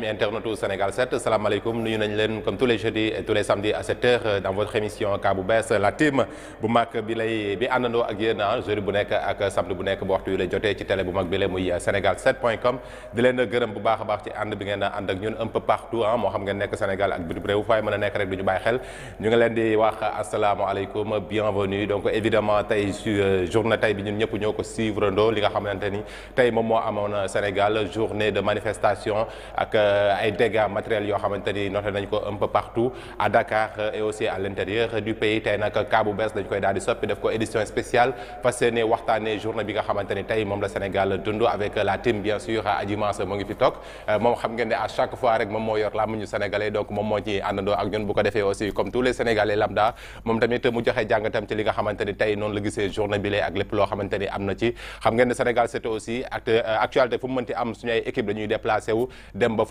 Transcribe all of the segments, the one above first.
amis internautes du Sénégal 7 salaamaaleykum nuyu nañ leen comme tous les jeudis tous les samedis à 7 dans votre émission Ka bu bees la bu mag bi lay bi àndandoo ak yéen ah, jeudi bu nekk ak samedi bu nekk bu waxtu yu lay jotee ci télé bu mag bi la muy sénégal7.com di leen gërëm bu baax a baax ci ànd bi ngeen ànd ak ñun un peu partout ah, moo xam ngeen nekk Sénégal ak bitim réew faay mën a nekk rek du ñu bàyyi xel ñu ngi leen di wax asalaamaaleykum bienvenue tey su euh, tey bi ñëpp ñoo ko suivre ndoo li nga xamante ni tey moom moo amoon Sénégal journée de manifestation euh, Euh, ay dégâts matériels yoo xamante ni noté ko un peu partout à Dakar euh, et aussi à l'intérieur du pays tey nag cas bu dañ koy daal di soppi def ko édition spéciale fas yéene waxtaanee journée bi nga xamante tey moom la euh, ngi fi toog moom ak ñun bu ko defee aussi comme tous les sénégalais lambda moom tamit mu joxe jàngatam ci li nga xamante tey noonu la journée bi lay ak lépp loo xamante am na ci xam ngeen Sénégal c'était aussi actualité fu mu mënti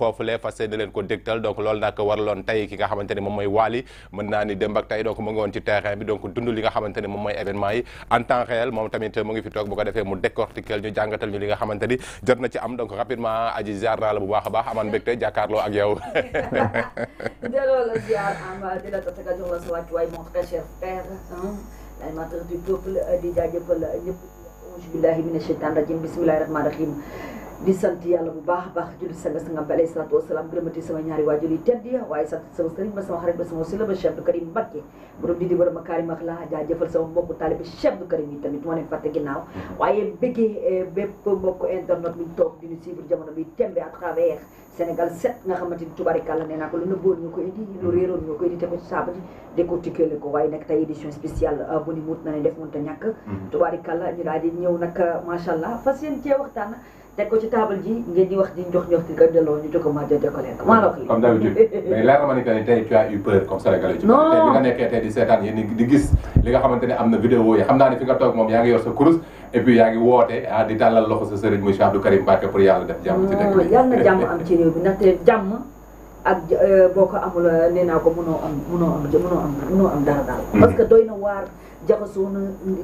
foofulee fas yéene leen ko dégtal donc loolu nag waraloon tey ki nga xamante ne moom mooy Wally mën naa ni démb ak tey donc mu ngi woon ci terrain bi donc li nga xamante moom mooy événement yi en temps réel moom tamit mu ngi fi toog bu ko defee mu décortiquer ñu jàngatal ñu li nga xamante ni ci am donc rapidement aji ziar naa la bu baax a baax aman mbégte jàkkaarloo ak yow di sant yàlla bu baax a baax julli sanga sanga bi alayhi salaatu wasalaam gërëmati sama ñaari waajur yi tedd ya waaye sant sama sëriñ ba sama xarit ba sama sila ba Cheikh Abdou Karim Mbacké borom di di borom a kaarimax laa jaajëfal sama mbokku taalibe Cheikh Abdou Karim yi tamit moo leen fàtte ginnaaw waaye bëggee eh, bépp mbokku internet bu ñu toog di ñu suivre jamono bi tembe à travers Sénégal 7 nga xamante ni tubarikàlla nee naa ko lu nëbboon ñu ko indi lu réeroon ñu ko indi te ko saabu ji décortiquer le ko waaye nag tey édition spéciale euh, bu ni muut na ne def mënut a ñàkk mm-hmm. tubarikàlla ñu daal di ñëw nag euh, macha allah fas yéen cee waxtaan teg ko ci table ji ngeen di wax di njox njox di ko jox ko maa jënd ko lekk maa la ko. comme d'habitude mais ma ni que tey tu as eu nekkee tey di seetaan yéen di gis li nga xamante ne am na vidéo yi xam naa ne fi nga toog moom yaa ngi yor sa kurus et yaa ngi woote ah di tàllal loxo sa sëriñ monsieur Abdou Karim Mbacké pour yàlla def jàmm am ci réew bi ndaxte jàmm ak euh, boo ko amul euh, nee naa ko mënoo am mënoo am mënoo daal. Mm-hmm. parce doy na waar jaxasoo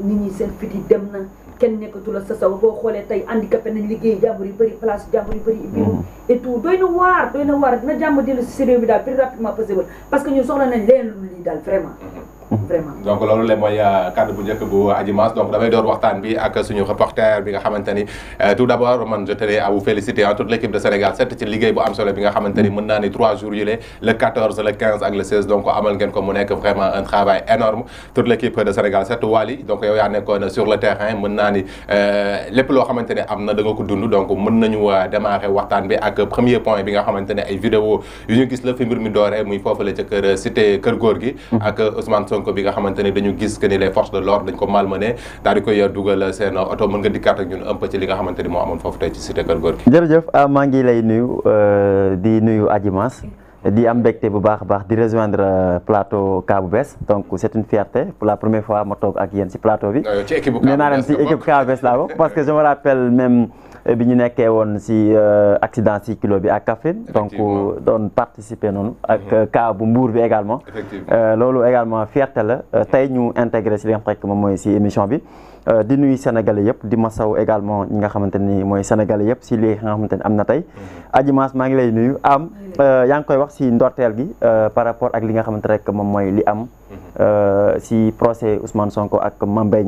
nit ñi seen fit dem na kenn nekkatul sa saw boo xoolee tey handicapé nañ liggéey jàmbur yu bëri place jàmbur yu bëri ibiwu mm-hmm. et tout doy na waar doy na waar dina jàmm dellu si réew mi daal plus rapidement possible parce que ñun soxla nañ leen lii daal vraiment mm-hmm. vraiment donc loolu le mooy euh, kàddu bu njëkk bu Adji donc damay door waxtaan bi ak suñu reporter bi nga xamante euh, tout d' abord man je tenais à vous féliciter l' équipe de Sénégal 7 ci liggéey bu am solo l' équipe de Sénégal 7 Wally donc yow yaa nekkoon sur le terrain mën naa ni euh, loo xamante am na da ko dund donc mën nañu démarrer waxtaan bi ak premier point bi nga xamante ay vidéo yu ñu gis la fi mi dooree muy foofu la ca kër cité mm. ak Ousmane Sonko Sonko bi nga xamante ne dañu gis que ni les de l'ordre dañ ko malmené daal di koy dugal seen oto mën nga dikkaat ak ñun un peu ci li nga xamante moo amoon foofu tey ci cité Kër Gorgui. jërëjëf ah, maa ngi lay nuyu euh, di nuyu Adji di am mbégte bu baax a baax di rejoindre euh, plateau K bu bees donc c' est une fierté pour la première fois ma toog ak yéen si plateau bi. nee naa leen si bees laa bokk parce que je me rappelle euh, bi ñu nekkee woon si euh, accident si kilo bi ak Kaffrine. donc doon participer noonu. ak mhm. K bu Mbour bi également. loolu également fierté la tey ñu intégré si li nga xam ne moom mooy si émission bi. di nuyu Sénégalais yëpp di masaw également ñi nga xamante ni mooy Sénégalais yëpp si li nga xamante ni am na tey. Mhm. Adji maa ngi lay nuyu am. Euh, yaa ngi koy wax si ndorteel gi euh, par rapport ak li nga xamante rek moom mooy li am mhm. euh, si procès Ousmane Sonko ak Mame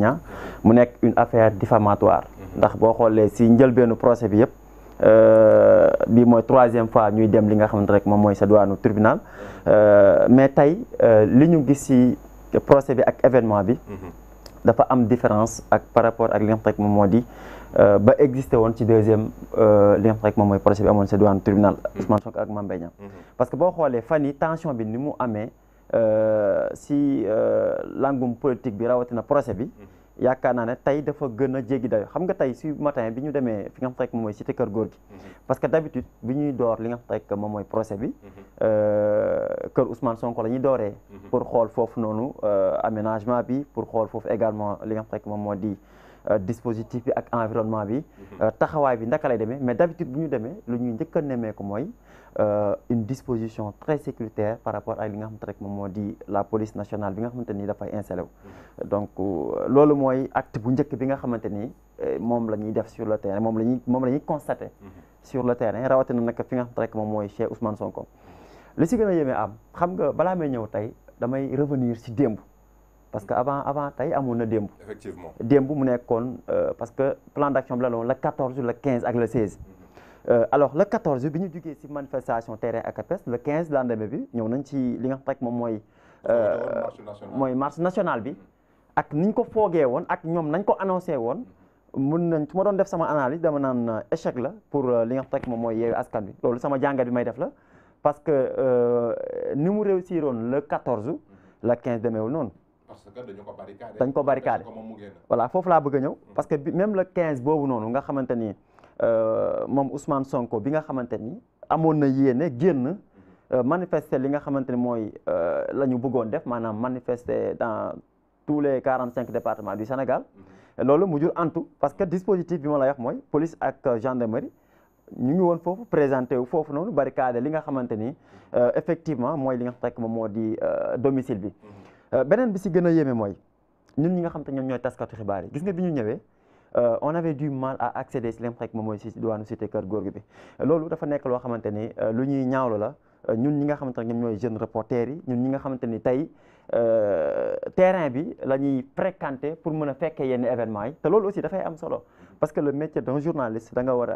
mu nekk une affaire diffamatoire mhm. ndax boo xoolee si njëlbeenu procès bi yëpp bi mooy troisième fois ñuy dem li nga xamante rek moom mooy sa duwaanu tribunal mais tey li ñu gis si procès bi ak événement bi mhm. dafa am différence ak par rapport ak li nga rek moom moo di euh, ba existé woon ci deuxième euh, li nga xam moom mooy procès bi amoon sa douane tribunal mm-hmm. Ousmane Sonko ak Mame Mbaye mm-hmm. parce que boo xoolee fan yi tension bi ni mu amee euh, si langum politique bi rawatina procès bi mm-hmm. yaakaar naa ne tey dafa gën a jéggi dayo xam nga tey si matin bi ñu demee fi nga xam rek moom mooy cité kër góor gi mhm. parce que d'habitude bi ñuy door li nga xam rek moom mooy procès bi mhm. euh, kër Ousmane Sonko la ñuy dooree mhm. pour xool foofu noonu euh, aménagement bi pour xool foofu également li nga xam rek moom moo di euh, dispositif bi ak environnement bi taxawaay bi ndaka lay demee mais d'habitude bu ñu demee lu ñuy njëkk a nemmeeku mooy Euh, une disposition très sécuritaire par rapport ak li nga xamante rek moom moo di la police nationale bi nga xamante ni dafay installé wu. Mm-hmm. donc euh, loolu mooy act bu njëkk bi nga xamante ni euh, moom la ñuy def sur le terrain moom la ñuy moom la ñuy constaté. Mm-hmm. sur le terrain rawatina nag fi nga xamante rek moom mooy chez Ousmane Sonko. li si gën a yéeme am xam nga balaa may ñëw tey damay revenir si démb. parce que avant avant tey amoon na démb. démb mu nekkoon parce que plan d' action bi la doon le 14 le 15 Euh, alors la 14 bi ñu jugee ci manifestation terrain ak APES le 15 lendemain bi ñëw nañ ci li nga xam moom mooy. Euh, mooy marche nationale bi. ak ni ñu ko foogee woon ak ñoom nañ ko annoncé woon mun nañ su ma doon def sama analyse dama naan euh, échec la pour li nga xam rek moom mooy yeewu askan bi loolu sama jàngat bi may def la parce que ni mu réussir woon le 14 le 15 demeewul noonu. dañ ko barricadé voilà foofu laa bëgg a ñëw. Mm. parce que même la 15 boobu noonu nga xamante ni. Euh, moom Ousmane Sonko bi nga xamante ni amoon na yéene génn euh, manifester li nga xamante ni mooy euh, la ñu bëggoon def maanaam manifester dans tous les quarante cinq départements du Sénégal mm-hmm. loolu mu mujjul antu parce que dispositif bi ma lay wax mooy police ak gendarmerie ñu ngi woon foofu présenté wu foofu noonu barricade li nga xamante ni effectivement mooy li nga xam moom moo di domicile bi mm-hmm. beneen bi si gën a yeme mooy ñun ñi nga xam te ñoom ñooy taskatu xibaar yi gis bi ñu ñëwee Euh, on avait du mal à accéder si li nga xam moom mooy si diwaanu cité kër góor gi bi loolu dafa nekk loo xamante ni euh, lu ñuy ñaawlu la euh, ñun ñi nga xamante ne ñoom ñooy jeunes reporters yi ñun ñi nga xamante ni tey terrain bi la ñuy fréquenter pour mën a fekkee yenn événements yi te loolu aussi dafay am solo parce que le métier d'un journaliste da nga war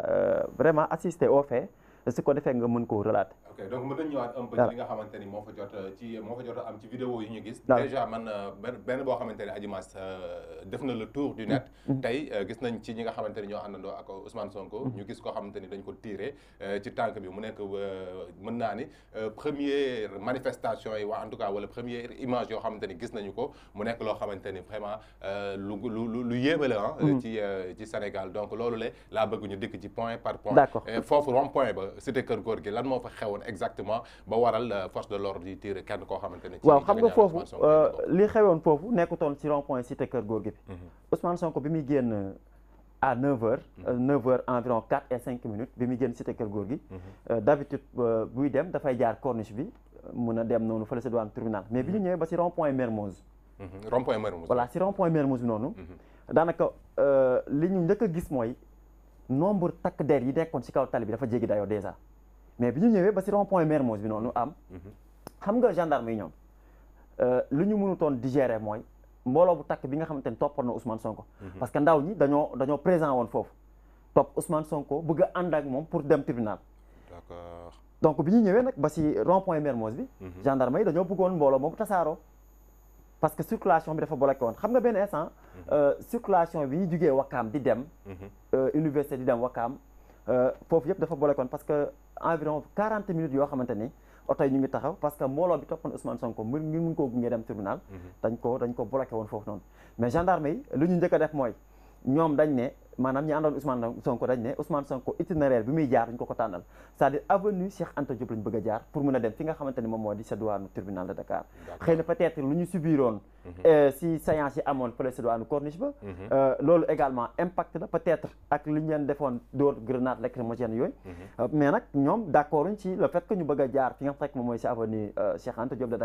vraiment assister aux faits su ko defee nga mën koo relater. ok donc mën nañu ñëwaat un peu ci nga xamante moo fa jot euh, am ci vidéo yi ñu gis. déjà man euh, benn boo xamante ni Adji Mass euh, def na le tour du net. Mm-hmm. Mm-hmm. tey gis nañ ci ñi nga xamante ni ñoo àndandoo ak Ousmane Sonko. Mm-hmm. ñu gis koo xamante ni dañ ko tiré ci tànk bi mu nekk mën naa ni première manifestation yi waa en tout cas wala première image yoo xamante ni gis nañu ko mu nekk loo xamante ni vraiment lu lu lu yéeme la ah. ci ci Sénégal donc loolu le la laa bëgg ñu dikk ci point par point. foofu rond point ba. cité kër góor gi lan moo fa xewoon exactement ba waral euh, force de l'ordre yi tiire koo xamante waaw xam nga foofu euh, li xewoon foofu nekkutoon ci rond point kër góor gi bi. Mhm. Ousmane Sonko bi muy génn euh, à 9h. 9h kër góor gi. d'habitude buy dem dafay jaar corniche bi mun a dem noonu fële sa douane terminal mais bi ñu mhm. ñëwee ba ci rond point Mermoz. Mhm. rond point Mermoz. noonu. daanaka li ñu njëkk a gis mooy. nombre takk der yi nekkoon ci kaw tali bi dafa jéggi dayoo déjà mais bi ñu ñëwee ba ci rond point Mermoz bi noonu am. xam nga gendarme yi ñoom euh, lu ñu mënutoon digérer mooy mbooloo bu takk bi nga xamante ni toppoon na Ousmane Sonko. Mhm. parce que ndaw ñi dañoo dañoo présent woon foofu topp Ousmane Sonko bëgg a ànd ak moom pour dem tribunal. d'accord donc bi ñu ñëwee nag ba si rond point Mermoz bi. Mhm. gendarme yi dañoo bëggoon mbooloo moom tasaaroo. parce que circulation bi dafa bloqué woon xam nga benn instant. Mhm. Euh, circulation bi ñu jugee Wakaam di dem. Mhm. Euh, université di dem Wakaam euh, foofu yëpp dafa bloqué woon parce que environ 40 minutes yoo xamante ni oto yi ñu ngi taxaw parce que mbooloo bi toppoon Ousmane Sonko mu ngi mun koo gunge dem tribunal. Mhm. dañ ko dañ ko bloqué woon foofu noonu. mais gendarme yi lu ñu njëkk a def mooy ñoom dañ ne. maanaam ñi àndoon Ousmane Sonko dañ ne Ousmane Sonko itinéraire bi muy jaar ñu ko ko tànnal c'est-à-dire avenue Cheikh Anta Diop lañ jaar pour mun a dem fi nga xamante ni moo di sa tribunal de Dakar xëy na peut-être lu ñu subiroon mhm. euh, si séance yi amoon fële sa douane corniche ba mhm. euh, loolu également impact la peut-être ak li ñu leen defoon dóor grenade lacrymogène yooyu mhm. euh, mais nag ñoom d'accord uñ ci le fait que ñu bëgg jaar fi nga xam moom mooy si avenue Cheikh Anta Diop de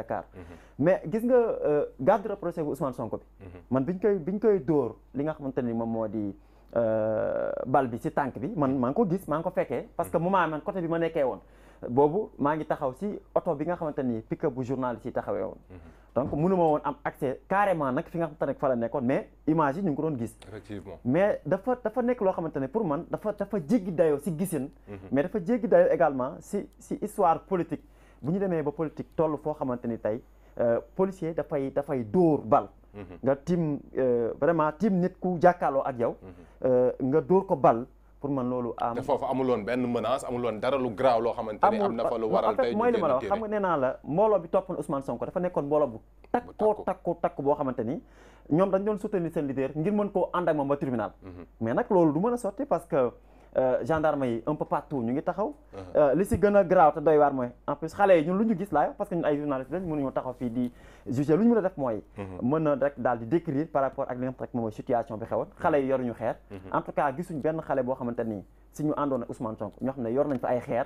mais gis nga garde rapproché bu Ousmane Sonko bi man biñ koy biñ koy dóor li nga xamante ni moom moo di Euh, bal bi ci tànk bi man maa ngi ko gis maa ngi ko fekkee parce que moment man côté bi ma nekkee woon boobu maa ngi taxaw si oto bi nga xamante ni pick-up bu journaliste si taxawee woon mhm. donc mënu woon am accès carrément nag fi nga xamante ne fa la nekkoon mais image yi ñu ngi ko doon gis effectivement mais dafa dafa nekk loo xamante ne pour man dafa dafa jéggi dayoo si gisin mhm. mais dafa jéggi dayoo également si si histoire politique bu ñu demee ba politique toll foo xamante ni tey euh, policier dafay dafay dóor bal Mhm. nga tiim euh, vraiment tiim nit ku jàkkaarloo ak yow. Mhm. Euh, nga dóor ko bal pour man loolu am. te foofu amuloon benn menace amuloon dara lu graaw loo xamante ni am na fa lu waral tey mooy li ma la wax xam nga nee naa la mbooloo bi toppoon Ousmane Sonko dafa nekkoon mbooloo bu. takkoo takkoo takk boo xamante ni ñoom dañ doon soutenir seen leader ngir mën koo ànd ak moom ba tribunal. Mhm. mais nag loolu du mën a sotti parce que. Euh, gendarme yi un peu partout ñu ngi taxaw. Uh-huh. Euh, li si gën a graaw te doy waar mooy en plus xale yi ñun lu ñu gis laay parce que ñun ay journaliste lañ mënuñoo taxaw fii di juger lu ñu mën a def mooy. Uh-huh. mën na rek daal di décrire uh-huh. xale yi yoruñu xeer. en tout cas gisuñ benn xale boo xamante ni si ñu àndoon ak Ousmane Sonko ñoo xam ne yor nañ fa ay xeer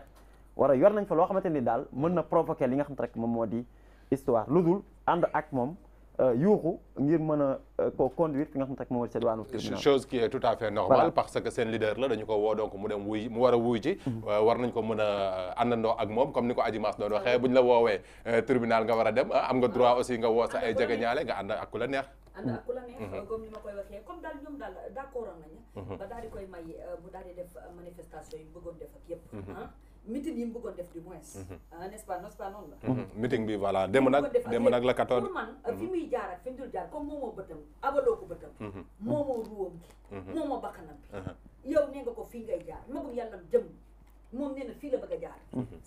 wala yor nañ fa loo xamante ni daal mën na provoquer li nga xam ne rek moom moo di histoire lu dul ànd ak moom euh, ko euh, conduire fi nga xam ne moom mooy seen waanu tribunal chose qui est tout à fait normale parce que seen leader la dañu ko woo donc mu dem wuy mu war a mhm. euh, war nañ ko mën a euh, àndandoo ak moom comme ni ko Adji Mass la woowee tribunal nga war a dem am nga ah. droit aussi nga woo ay jegeñaale nga ànd ak ku la neex ànd bi voilà démb nag démb nag la fi mhm. muy jaar ak fi mu jaar comme moom moo bëtam abaloo ko bëtam mhm. moo ma ruwam gi mhm. moo ma bakkanam bi mhm. yow nee nga ko fii ngay jaar magum yàlla jëm moom nee na fii la bëgg a jaar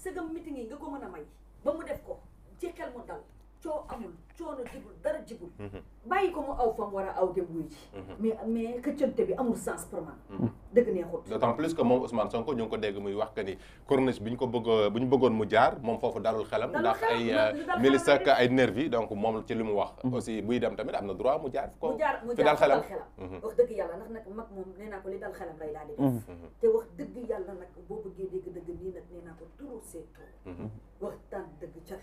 sëgam meeting yi nga ko mën a may ba mu def ko ci xel mu dal coo amul coono jibul dara jibul mhm. bàyyi ko mu aw fam war a aw dem wuy ji mhm. mais mais xëccante bi amul sens pour man mhm. dëgg neexut d'autant plus que moom Ousmane Sonko ñu ko dégg muy wax que ni corniche bi ko bëgg bu ñu bëggoon mu moom foofu dalul xelam ndax ay euh, milice ak ay nervi donc moom ci li mu wax aussi buy dem tamit am na droit mu jaar ko mu jaar dal xelam wax dëgg yàlla ndax nag mag moom nee naa ko li dal xelam lay daal di def te wax dëgg yàlla nag boo bëggee dégg dëgg nii nag nee naa ko trop c'est trop waxtaan dëgg ca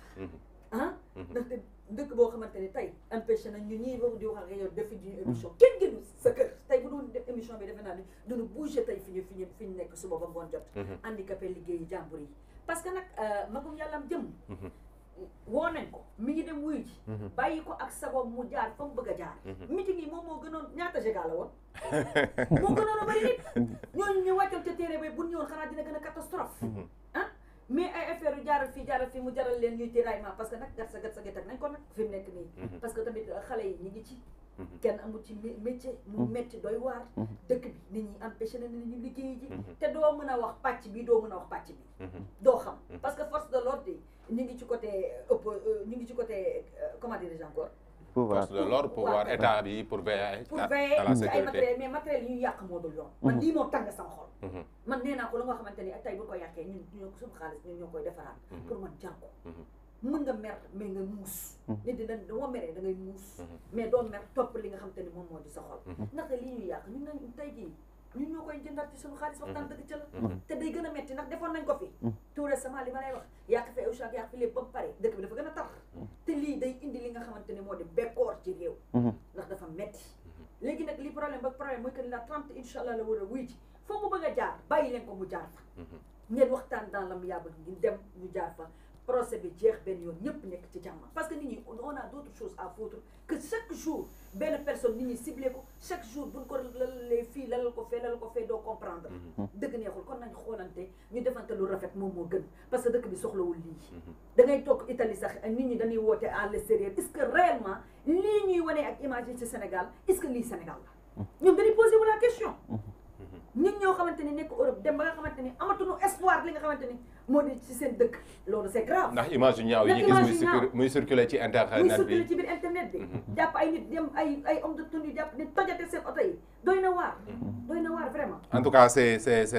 ndaxte dëkk boo xamante ne tey empêché nañ ñu ñii wax di wax ak yow defi ñu émission mm-hmm. kenn gënu sa kër tey bu doon def émission bi defe naa ne duñu bougé tey fi fi ñu fi ñu nekk suba ba ngoon jot mm-hmm. handicapé liggéeyi jàmbur yi parce que nag euh, magum yàllam jëm mm-hmm. woo nañ ko mi ngi dem wuyu ji bàyyi ko ak sagoom mu jaar fa mu bëgg a jaar meeting yi moom moo gënoon ñaata jégaa la woon moo gënoon a bëri nit ñooñu ñu wàccal ca téere ba bu ñu ñëwoon xanaa dina gën a catastrophe mais ay affaire yu jaaral fii jaaral fii mu jaral leen ñuy tiraillement parce que nag gat sa gat sa teg nañ ko nag fi mu nekk nii mhm. parce que tamit xale yi ñu ngi ci mhm. kenn amul ci métier mu métti mhm. doy waar dëkk bi nit ñi empêché na nit ñu liggéey ji te doo mën a wax pàcc bi doo mën a wax pàcc bi doo xam parce que force de l'ordre yi ñu ngi ci côté ëpp euh, ñu ngi ci côté euh, comment dirais-je encore pouvoir force de l'ordre pouvoir état bi pour veiller. pour veiller ci ay matériels mais matériels yu yàq moo dul yoon. Mhm. man lii moo tàng sama xol. Mhm. man nee naa ko lu nga xamante ni tey bu ko yàqee ñun ñoo suñu xaalis ñun ñoo koy defaraat. Mhm. pour man jàng ko. mën nga mer mais nga muus. nit di dañ doo meree da ngay muus. mais doo mer topp li nga xamante ni moom moo di sa xol. ndaxte lii ñuy yàq ñun dañ tey jii. ñun ñoo koy jëndal ci suñu xaalis waxtaan dëgg ca la mm-hmm. Mm-hmm. te day gën a metti ndax defoon nañ ko fi tout récemment mm-hmm. li ma lay wax yàq fi Auchan yàq fi lépp ba pare dëkk bi dafa gën a tax te lii day indi li nga xamante ne moo di bekkoor ci réew ndax dafa metti léegi nag li problème ba problème mooy que ni la trente incha allah la war a wuy ji foo mu a jaar bàyyi leen ko mu jaar fa ngeen waxtaan daan la mu yàbba ngeen dem ñu jaar fa procès bi jeex benn yoon ñëpp nekk ci jàmm parce que nit ñi on a d'autres choses à foutre que chaque jour benn personne nit ñi ko chaque jour buñ ko lalee fii lalal ko fee lalal ko fee doo comprendre mhm. dëgg neexul kon nañ xoolante ñu defante lu rafet moom moo gën parce que dëkk bi soxlawul lii mhm. da ngay toog Italie sax nit ñi dañuy woote à l'extérieur est-ce que réellement lii ñuy wanee ak image ci Sénégal est-ce que lii Sénégal la mhm. ñoom dañuy posé wu la question ñun ñoo xamante ni nekk Europe dem ba nga xamante ni amatuñu espoir li nga xamante ni moo di seen dëkk loolu c'est grave. ndax image yu ñaaw yi ñu gis muy circulé ci internet bi internet bi. Mhm. jàpp ay nit dem ay ay homme de tenue jàpp ni tojate oto yi doy na waar. Mhm. doy na waar vraiment. en tout